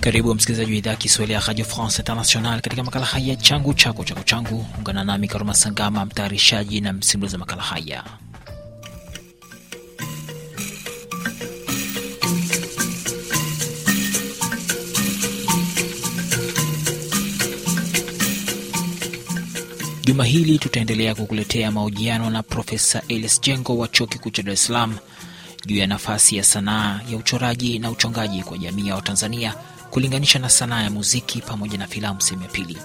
Karibu msikilizaji wa idhaa Kiswahili ya Radio France International katika makala haya changu chako chako changu. Ungana nami Karuma Sangama, mtayarishaji na msimulizi wa makala haya. Juma hili tutaendelea kukuletea mahojiano na Profesa elis Jengo wa Chuo Kikuu cha Dar es Salaam juu ya nafasi ya sanaa ya uchoraji na uchongaji kwa jamii ya Watanzania kulinganisha na sanaa ya muziki pamoja na filamu sehemu ya pili.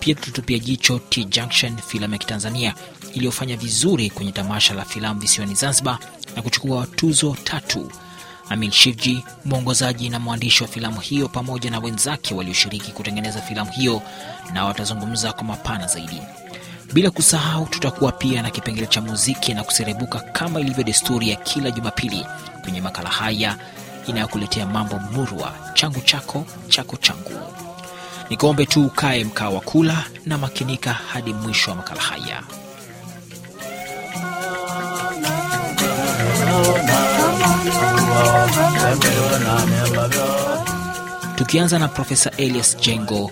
Pia tutatupia jicho T Junction, filamu ya Kitanzania iliyofanya vizuri kwenye tamasha la filamu visiwani Zanzibar na kuchukua tuzo tatu. Amil Shivji, mwongozaji na mwandishi wa filamu hiyo, pamoja na wenzake walioshiriki kutengeneza filamu hiyo, na watazungumza kwa mapana zaidi. Bila kusahau, tutakuwa pia na kipengele cha muziki na kuserebuka kama ilivyo desturi ya kila Jumapili kwenye makala haya inayokuletea mambo murwa, changu chako chako changu. kombe tu ukae mkaa wa kula na makinika hadi mwisho wa makala haya. Tukianza na Profesa Elias Jengo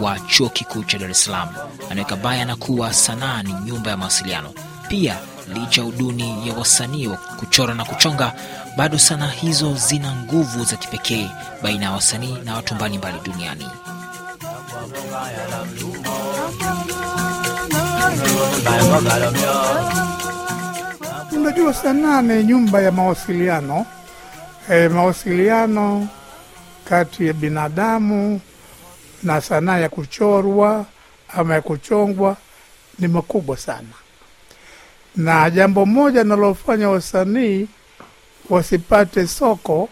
wa Chuo Kikuu cha Dar es Salaam, anaweka baya na kuwa sanaa ni nyumba ya mawasiliano pia licha uduni ya wasanii wa kuchora na kuchonga, bado sanaa hizo zina nguvu za kipekee baina ya wasanii na watu mbalimbali duniani. Unajua, sanaa ni nyumba ya mawasiliano e, mawasiliano kati ya binadamu na sanaa ya kuchorwa ama ya kuchongwa ni makubwa sana na jambo moja nalofanya wasanii wasipate soko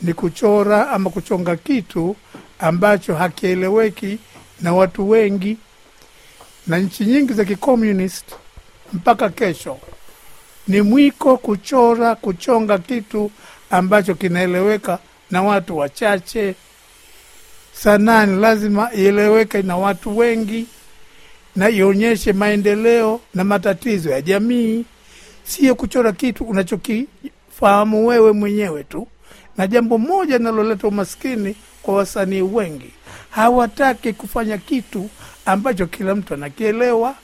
ni kuchora ama kuchonga kitu ambacho hakieleweki na watu wengi, na nchi nyingi za kikomunist mpaka kesho ni mwiko kuchora, kuchonga kitu ambacho kinaeleweka na watu wachache. sanani lazima ieleweke na watu wengi na ionyeshe maendeleo na matatizo ya jamii, sio kuchora kitu unachokifahamu wewe mwenyewe tu. Na jambo moja linaloleta umaskini kwa wasanii wengi, hawataki kufanya kitu ambacho kila mtu anakielewa.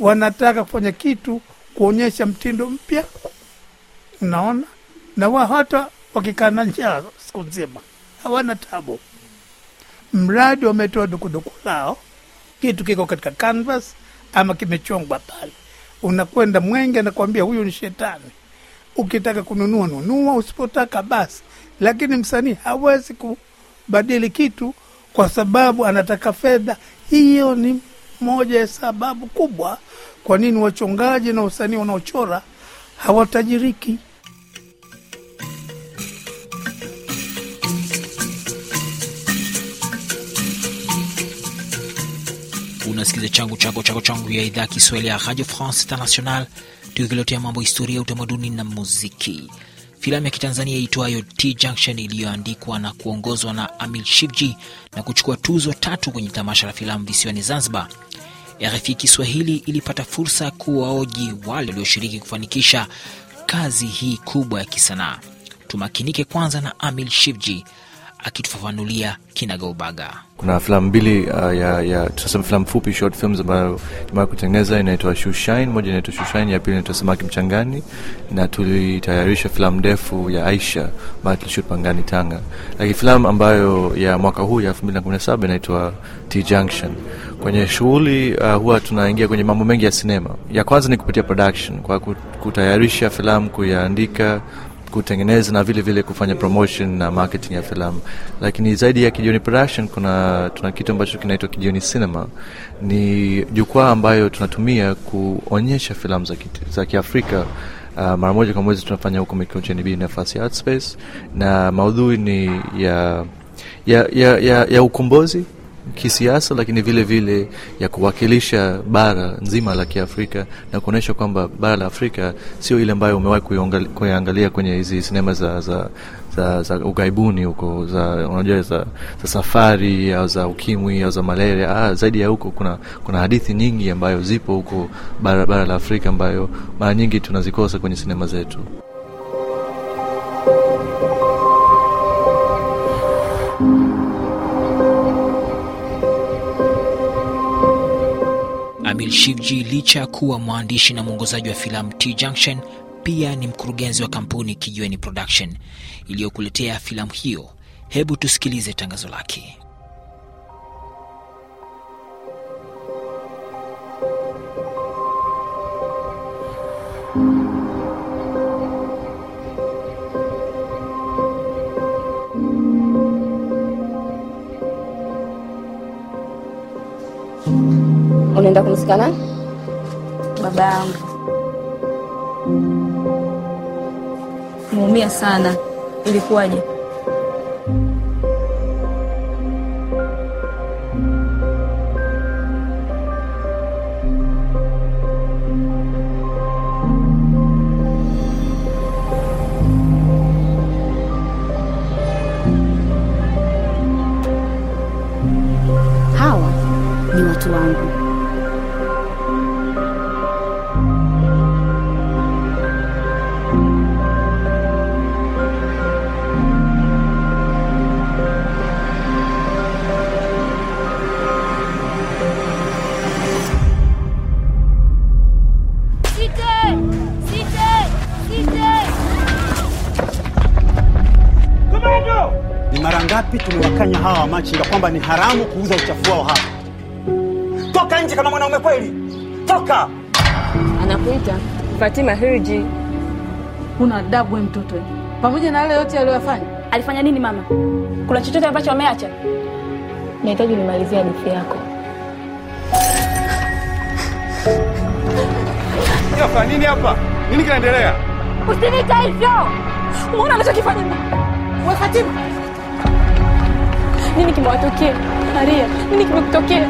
Wanataka kufanya kitu kuonyesha mtindo mpya, unaona, na wa hata wakikaa na njaa siku nzima hawana tabu, mradi wametoa dukuduku lao kitu kiko katika canvas ama kimechongwa pale, unakwenda mwengi anakwambia huyu ni shetani. Ukitaka kununua nunua, usipotaka basi. Lakini msanii hawezi kubadili kitu kwa sababu anataka fedha. Hiyo ni moja ya sababu kubwa kwa nini wachongaji na wasanii wanaochora hawatajiriki. unasikiliza changu chako chako changu ya idhaa Kiswahili ya Radio France International, tukikiletea mambo historia ya utamaduni na muziki. Filamu ya kitanzania itwayo T Junction iliyoandikwa na kuongozwa na Amil Shivji na kuchukua tuzo tatu kwenye tamasha la filamu visiwani Zanzibar. RFI Kiswahili ilipata fursa ya kuwaoji wale walioshiriki kufanikisha kazi hii kubwa ya kisanaa. Tumakinike kwanza na Amil Shivji akitufafanulia kinagaubaga. Kuna filamu mbili uh, ya, ya tunasema filamu fupi short films ambayo tumewahi kutengeneza, inaitwa shushin Moja inaitwa shushin ya pili inaitwa Samaki Mchangani, na tulitayarisha filamu ndefu ya Aisha ambayo tulishut Pangani, Tanga. Lakini filamu ambayo ya mwaka huu ya 2017 inaitwa T Junction. Kwenye shughuli uh, huwa tunaingia kwenye mambo mengi ya sinema. Ya kwanza ni kupitia production, kwa kutayarisha filamu, kuyaandika kutengeneza na vile vile kufanya promotion na marketing ya filamu. Lakini zaidi ya Kijioni Production, kuna tuna kitu ambacho kinaitwa Kijioni Cinema. Ni jukwaa ambayo tunatumia kuonyesha filamu za, za Kiafrika. Uh, mara moja kwa mwezi tunafanya huko Mikocheni B nafasi Art Space, na maudhui ni ya, ya, ya, ya, ya ukombozi kisiasa, lakini vile vile ya kuwakilisha bara nzima la Kiafrika na kuonyesha kwamba bara la Afrika sio ile ambayo umewahi kuiangalia kwenye hizi sinema za, za za, za ugaibuni huko za unajua za, za safari au za ukimwi au za malaria. Ah, zaidi ya huko kuna kuna hadithi nyingi ambayo zipo huko bara, bara la Afrika ambayo mara nyingi tunazikosa kwenye sinema zetu. Nabil Shivji, licha ya kuwa mwandishi na mwongozaji wa filamu T Junction, pia ni mkurugenzi wa kampuni Kijweni Production iliyokuletea filamu hiyo. Hebu tusikilize tangazo lake. unaenda kumzika nani? Baba yangu. Naumia sana. Ilikuwaje? mara ngapi tumewakanya hawa wamachinga kwamba ni haramu kuuza uchafu wao hapa? Toka nje kama mwanaume kweli, toka! Anakuita Fatima Hirji. Una dabu e mtoto, pamoja na yale yote aliyoyafanya. Alifanya nini mama? Kuna chochote ambacho ameacha? Nahitaji nimalizia hadithi yako. Hapa nini? Hapa nini kinaendelea? Usinita hivyo, unaona anachokifanya. Fatima இன்னைக்கு மாட்டோக்கே நிறைய இன்னைக்கு முக்கியோக்கே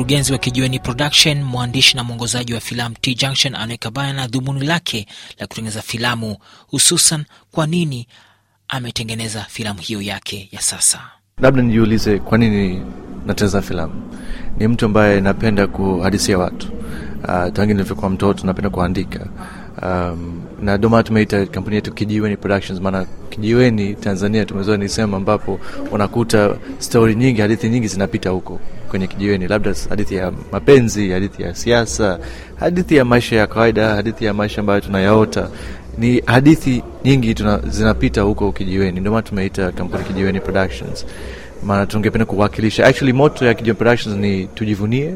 Mkurugenzi wa Kijiweni Production, mwandishi na mwongozaji wa filamu T Junction, anaweka bayana dhumuni lake la kutengeneza filamu, hususan kwa nini ametengeneza filamu hiyo yake ya sasa. Labda nijiulize kwa nini natengeneza filamu. Ni mtu ambaye napenda kuhadisia watu uh, ah, tangi nilivyokuwa mtoto napenda kuandika um, na ndio maana tumeita kampuni yetu Kijiweni Productions, maana kijiweni Tanzania tumezoea ni nisema, ambapo unakuta stori nyingi, hadithi nyingi zinapita huko kwenye kijiweni, labda hadithi ya mapenzi, hadithi ya siasa, hadithi ya maisha ya kawaida, hadithi ya maisha ambayo tunayaota. Ni hadithi nyingi tuna, zinapita huko kijiweni, ndio maana tumeita kampuni Kijiweni Productions, maana tungependa kuwakilisha. Actually, moto ya Kijiweni Productions ni tujivunie,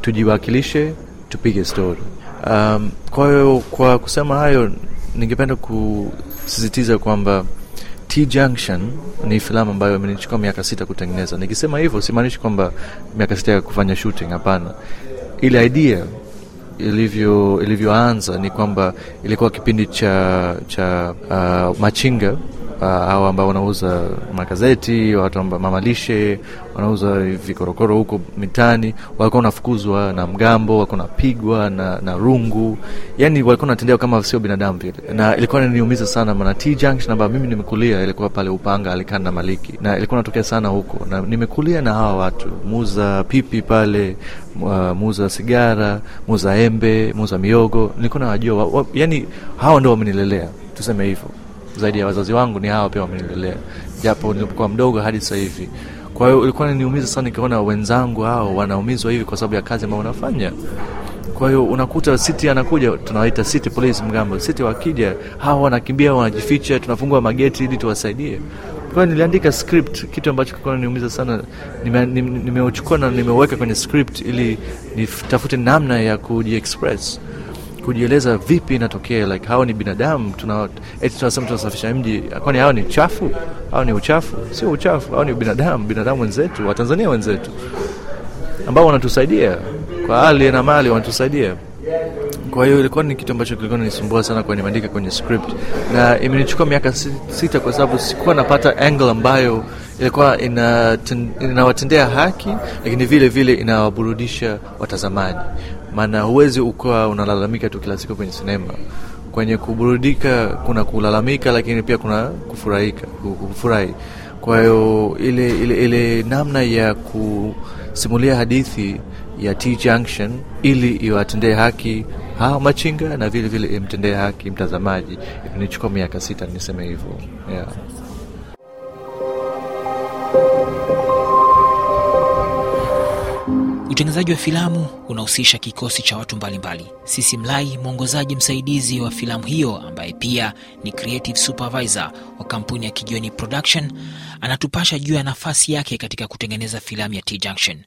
tujiwakilishe, tupige story. Um, kwa hiyo kwa kusema hayo, ningependa kusisitiza kwamba T Junction ni filamu ambayo imenichukua miaka sita kutengeneza. Nikisema hivyo simaanishi kwamba miaka sita ya kufanya shooting, hapana. Ile idea ilivyo ilivyoanza ni kwamba ilikuwa kipindi cha cha uh, machinga hao uh, ambao wanauza magazeti, watu ambao mamalishe wanauza vikorokoro huko mitani walikuwa wanafukuzwa na mgambo, walikuwa wanapigwa na, na rungu, yani walikuwa wanatendewa kama sio binadamu vile, na ilikuwa inaniumiza sana, maana T Junction ambayo mimi nimekulia ilikuwa pale Upanga Alikana na Maliki, na ilikuwa natokea sana huko, na nimekulia na hawa watu muuza pipi pale, uh, muuza sigara, muuza embe, muuza miogo, nilikuwa nawajua, yani hawa ndio wamenilelea, tuseme hivyo zaidi ya wazazi wangu ni hawa pia wamenilelea, japo nilipokuwa mdogo hadi sasa hivi. Kwa hiyo ilikuwa niumiza sana nikiona wenzangu hao wanaumizwa hivi kwa sababu ya kazi ambayo wanafanya. Kwa hiyo unakuta city anakuja, tunawaita city police, mgambo city. Wakija hawa wanakimbia, wanajificha, tunafungua mageti ili tuwasaidie. Kwa niliandika script, kitu ambacho kilikuwa niumiza sana. Nimeuchukua nime na nimeweka kwenye script ili nitafute namna ya kujiexpress kujieleza vipi inatokea, like hawa ni binadamu, tunasema tunasafisha mji, kwani hawa ni chafu? Hawa ni uchafu? Sio uchafu, hawa ni binadamu, binadamu wenzetu, Watanzania wenzetu ambao wanatusaidia kwa hali na mali, wanatusaidia kwa hiyo ilikuwa ni kitu ambacho kilikuwa nisumbua sana kwa nimeandika kwenye script, na imenichukua miaka sita kwa sababu sikuwa napata angle ambayo ilikuwa inawatendea ina haki, lakini vile vile inawaburudisha watazamaji maana huwezi ukawa unalalamika tu kila siku kwenye sinema. Kwenye kuburudika kuna kulalamika, lakini pia kuna kufurahika, kufurahi. Kwa hiyo ile, ile, ile namna ya kusimulia hadithi ya T Junction ili iwatendee haki hawa machinga na vile vile imtendee haki mtazamaji, imenichukua miaka sita niseme hivyo, yeah. Utengenezaji wa filamu unahusisha kikosi cha watu mbalimbali. Sisi Mlai, mwongozaji msaidizi wa filamu hiyo, ambaye pia ni creative supervisor wa kampuni ya kijoni Production, anatupasha juu ya nafasi yake katika kutengeneza filamu ya T Junction.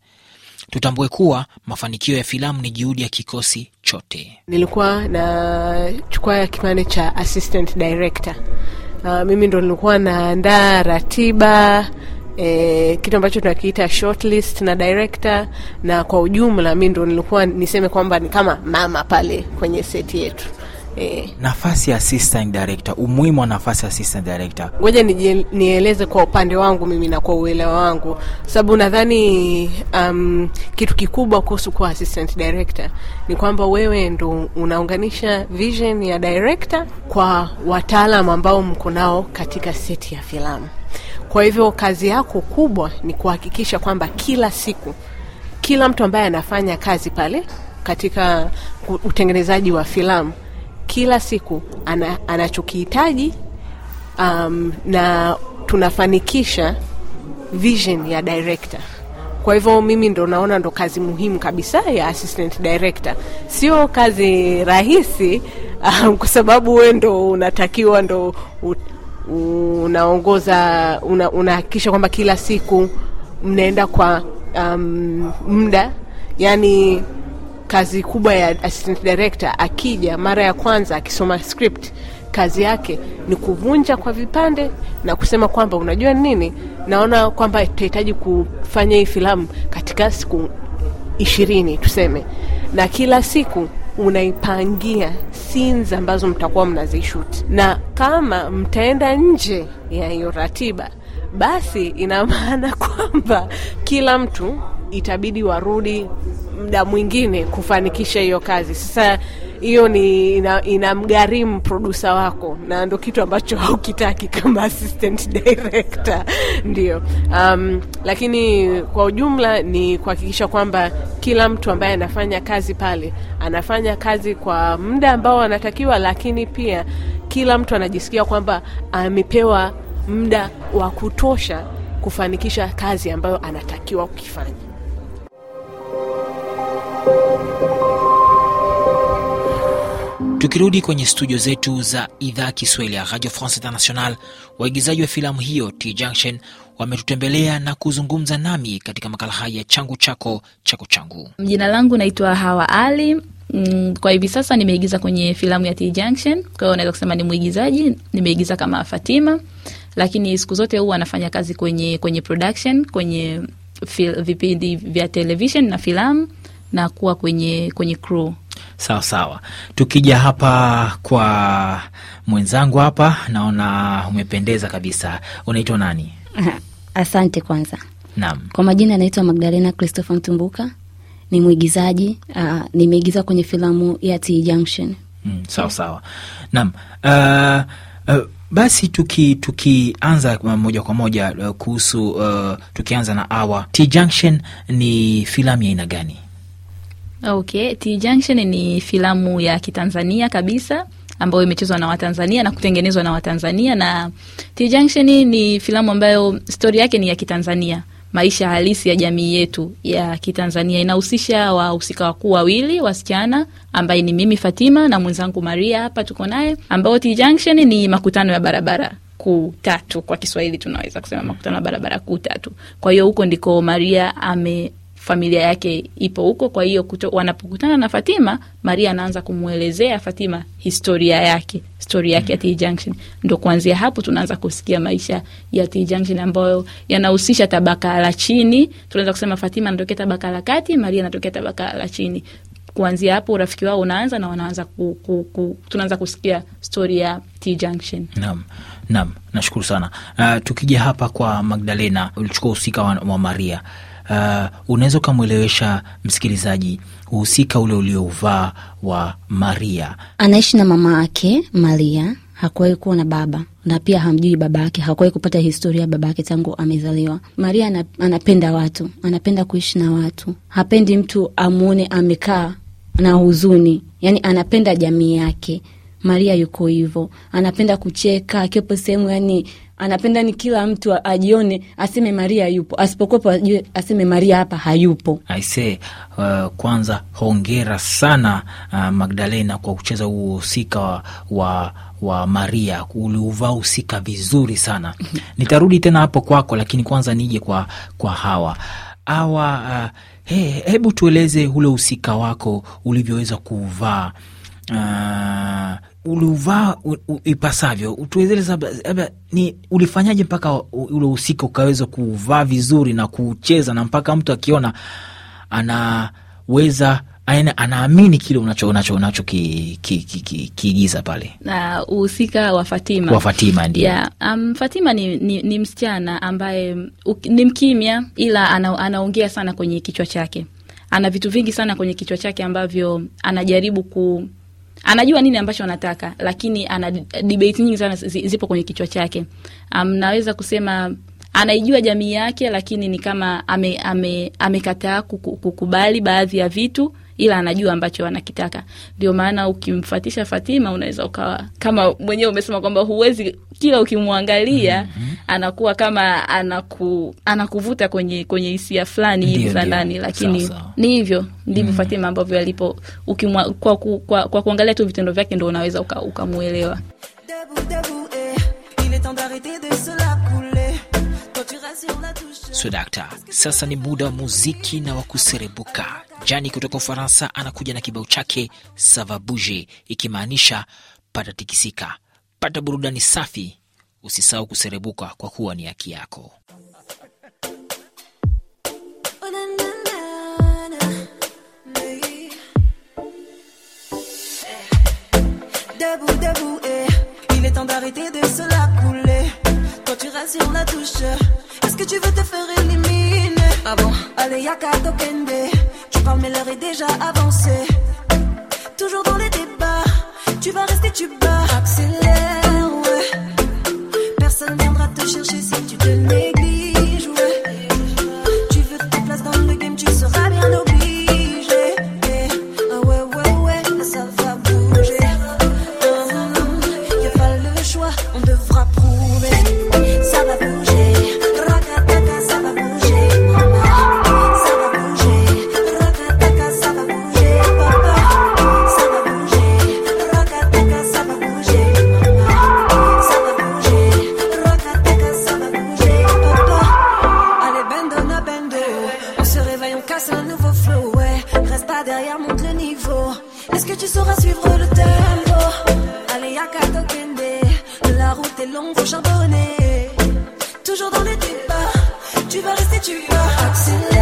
Tutambue kuwa mafanikio ya filamu ni juhudi ya kikosi chote. Nilikuwa ya kipande cha assistant director. Uh, mimi ndo nilikuwa naandaa ratiba E, kitu ambacho tunakiita shortlist na director, na kwa ujumla mi ndo nilikuwa niseme kwamba ni kama mama pale kwenye seti yetu. E, nafasi ya assistant director, umuhimu wa nafasi ya assistant director, ngoja nieleze kwa upande wangu mimi na kwa uelewa wangu, sababu nadhani um, kitu kikubwa kuhusu kuwa assistant director ni kwamba wewe ndo unaunganisha vision ya director kwa wataalamu ambao mko nao katika seti ya filamu. Kwa hivyo kazi yako kubwa ni kuhakikisha kwamba kila siku kila mtu ambaye anafanya kazi pale katika utengenezaji wa filamu kila siku ana, anachokihitaji um, na tunafanikisha vision ya direkta Kwa hivyo mimi ndo naona ndo kazi muhimu kabisa ya assistant director. Sio kazi rahisi um, kwa sababu we ndo unatakiwa ndo unaongoza unahakikisha kwamba kila siku mnaenda kwa um, muda yani kazi kubwa ya assistant director akija mara ya kwanza akisoma script kazi yake ni kuvunja kwa vipande na kusema kwamba unajua nini, naona kwamba tutahitaji kufanya hii filamu katika siku ishirini tuseme, na kila siku unaipangia scenes ambazo mtakuwa mnazishoot, na kama mtaenda nje ya hiyo ratiba, basi ina maana kwamba kila mtu itabidi warudi muda mwingine kufanikisha hiyo kazi. Sasa hiyo ni inamgharimu ina produsa wako, na ndo kitu ambacho haukitaki kama assistant director ndio. Um, lakini kwa ujumla ni kuhakikisha kwamba kila mtu ambaye anafanya kazi pale anafanya kazi kwa muda ambao anatakiwa, lakini pia kila mtu anajisikia kwamba amepewa muda wa kutosha kufanikisha kazi ambayo anatakiwa kukifanya. Tukirudi kwenye studio zetu za idhaa Kiswahili ya Radio France International, waigizaji wa filamu hiyo T Junction wametutembelea na kuzungumza nami katika makala haya changu chako chako changu. Jina langu naitwa Hawa Ali. Mm, kwa hivi sasa nimeigiza kwenye filamu ya T Junction, kwa hiyo naweza kusema ni mwigizaji. Nimeigiza kama Fatima, lakini siku zote huwa anafanya kazi kwenye kwenye production, kwenye fil, vipindi vya television na filamu na kuwa kwenye kwenye crew Sawa sawa, tukija hapa kwa mwenzangu hapa, naona umependeza kabisa. Unaitwa nani? Asante kwanza. Naam, kwa majina anaitwa Magdalena Christopher Mtumbuka, ni mwigizaji uh, nimeigiza kwenye filamu ya T Junction. Mm, sawa sawa, naam. Uh, uh, basi tukianza tuki moja kwa moja uh, kuhusu uh, tukianza na awa T Junction ni filamu ya aina gani? Okay, T Junction ni filamu ya Kitanzania kabisa ambayo imechezwa na Watanzania na kutengenezwa na Watanzania, na T Junction ni filamu ambayo stori yake ni ya Kitanzania, maisha halisi ya jamii yetu ya Kitanzania. Inahusisha wahusika wakuu wawili wasichana, ambaye ni mimi Fatima na mwenzangu Maria, hapa tuko naye, ambao T Junction ni makutano ya barabara kuu tatu. Kwa Kiswahili tunaweza kusema makutano ya barabara kuu tatu. Kwa hiyo huko ndiko Maria ame familia yake ipo huko. Kwa hiyo wanapokutana na Fatima, Maria anaanza kumwelezea Fatima historia yake, stori yake mm -hmm. ya T Junction. Ndo kuanzia hapo tunaanza kusikia maisha ya T Junction ambayo yanahusisha tabaka la chini. Tunaweza kusema Fatima anatokea tabaka la kati, Maria anatokea tabaka la chini. Kuanzia hapo urafiki wao unaanza na wanaanza ku, ku, ku, tunaanza kusikia stori ya T Junction. Naam, naam, nashukuru sana. Uh, tukija hapa kwa Magdalena, ulichukua uhusika wa, wa Maria uh, unaweza ukamwelewesha msikilizaji uhusika ule uliouvaa wa Maria. Anaishi na mama ake Maria, hakuwahi kuwa na baba na pia hamjui baba yake, hakuwahi kupata historia ya baba yake tangu amezaliwa. Maria anapenda watu, anapenda kuishi na watu, hapendi mtu amwone amekaa na huzuni, yani anapenda jamii yake. Maria yuko hivo anapenda kucheka akiwepo sehemu, yani anapenda ni kila mtu ajione, aseme Maria yupo, asipokuwepo ajue aseme Maria hapa hayupo. Aise, uh, kwanza hongera sana uh, Magdalena kwa kucheza huo husika wa, wa wa Maria uliuvaa husika vizuri sana. Nitarudi tena hapo kwako, lakini kwanza nije kwa, kwa hawa hawa uh, he, hebu tueleze ule husika wako ulivyoweza kuuvaa uh, uliuvaa ipasavyo, tueleze labda ni ulifanyaje mpaka ule usiku ukaweza kuuvaa vizuri na kuucheza, na mpaka mtu akiona anaweza aina anaamini kile unacho unacho unacho kiigiza ki, ki, ki, pale na uhusika wa Fatima wa Fatima ndio yeah. Um, Fatima ni, ni, ni msichana ambaye u, ni mkimya ila ana, anaongea sana kwenye kichwa chake, ana vitu vingi sana kwenye kichwa chake ambavyo anajaribu ku anajua nini ambacho anataka, lakini ana debate nyingi sana zipo kwenye kichwa chake. Mnaweza naweza kusema anaijua jamii yake, lakini ni kama amekataa ame, ame kukubali baadhi ya vitu ila anajua ambacho anakitaka. Ndio maana ukimfatisha Fatima unaweza ukawa kama mwenyewe umesema kwamba huwezi kila ukimwangalia mm -hmm. anakuwa kama anaku, anakuvuta kwenye kwenye hisia fulani hivi za ndani, lakini ni hivyo ndivyo mm -hmm. Fatima ambavyo alipo ukimwa, kwa, kwa, kwa, kwa kuangalia tu vitendo vyake ndo unaweza ukamwelewa uka So dakta, sasa ni muda wa muziki na wa kuserebuka. Jani kutoka Ufaransa anakuja na kibao chake Savabuje, ikimaanisha patatikisika. Pata burudani safi, usisahau kuserebuka kwa kuwa ni haki yako. Debout, debout, eh. Il est temps d'arrêter de la couler. sur la touche. Est-ce que tu veux te faire éliminer Ah bon Allez, y'a qu'à Tu parles, mais l'heure est déjà avancée. Est-ce que tu sauras suivre le tempo Allez, à Katokende, la route est longue, faut charbonner. Toujours dans les débats, tu vas rester, tu vas accélérer.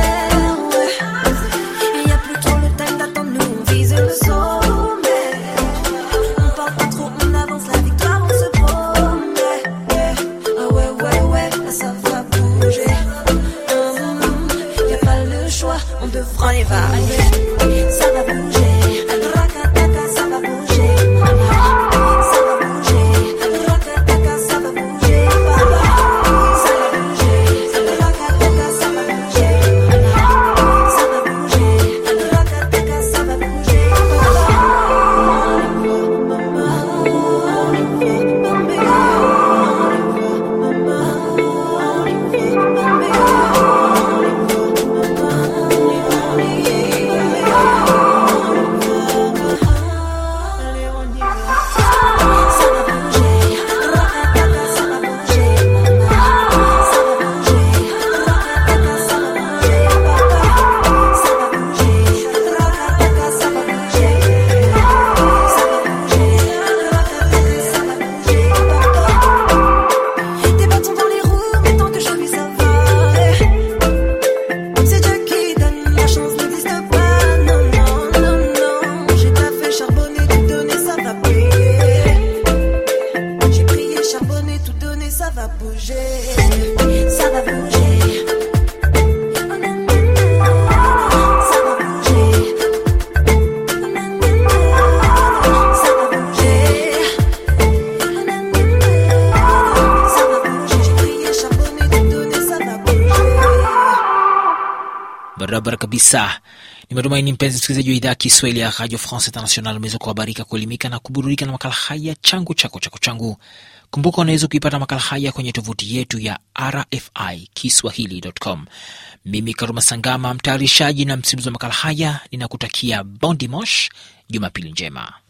barabara kabisa. Ni matumaini mpenzi msikilizaji wa idhaa Kiswahili ya Radio France International umeweza kuhabarika, kuelimika na kuburudika na makala haya changu chako chako changu. Kumbuka unaweza kuipata makala haya kwenye tovuti yetu ya RFI Kiswahili.com. Mimi Karuma Sangama, mtayarishaji na msimuzi wa makala haya, ninakutakia bon dimanche, Jumapili njema.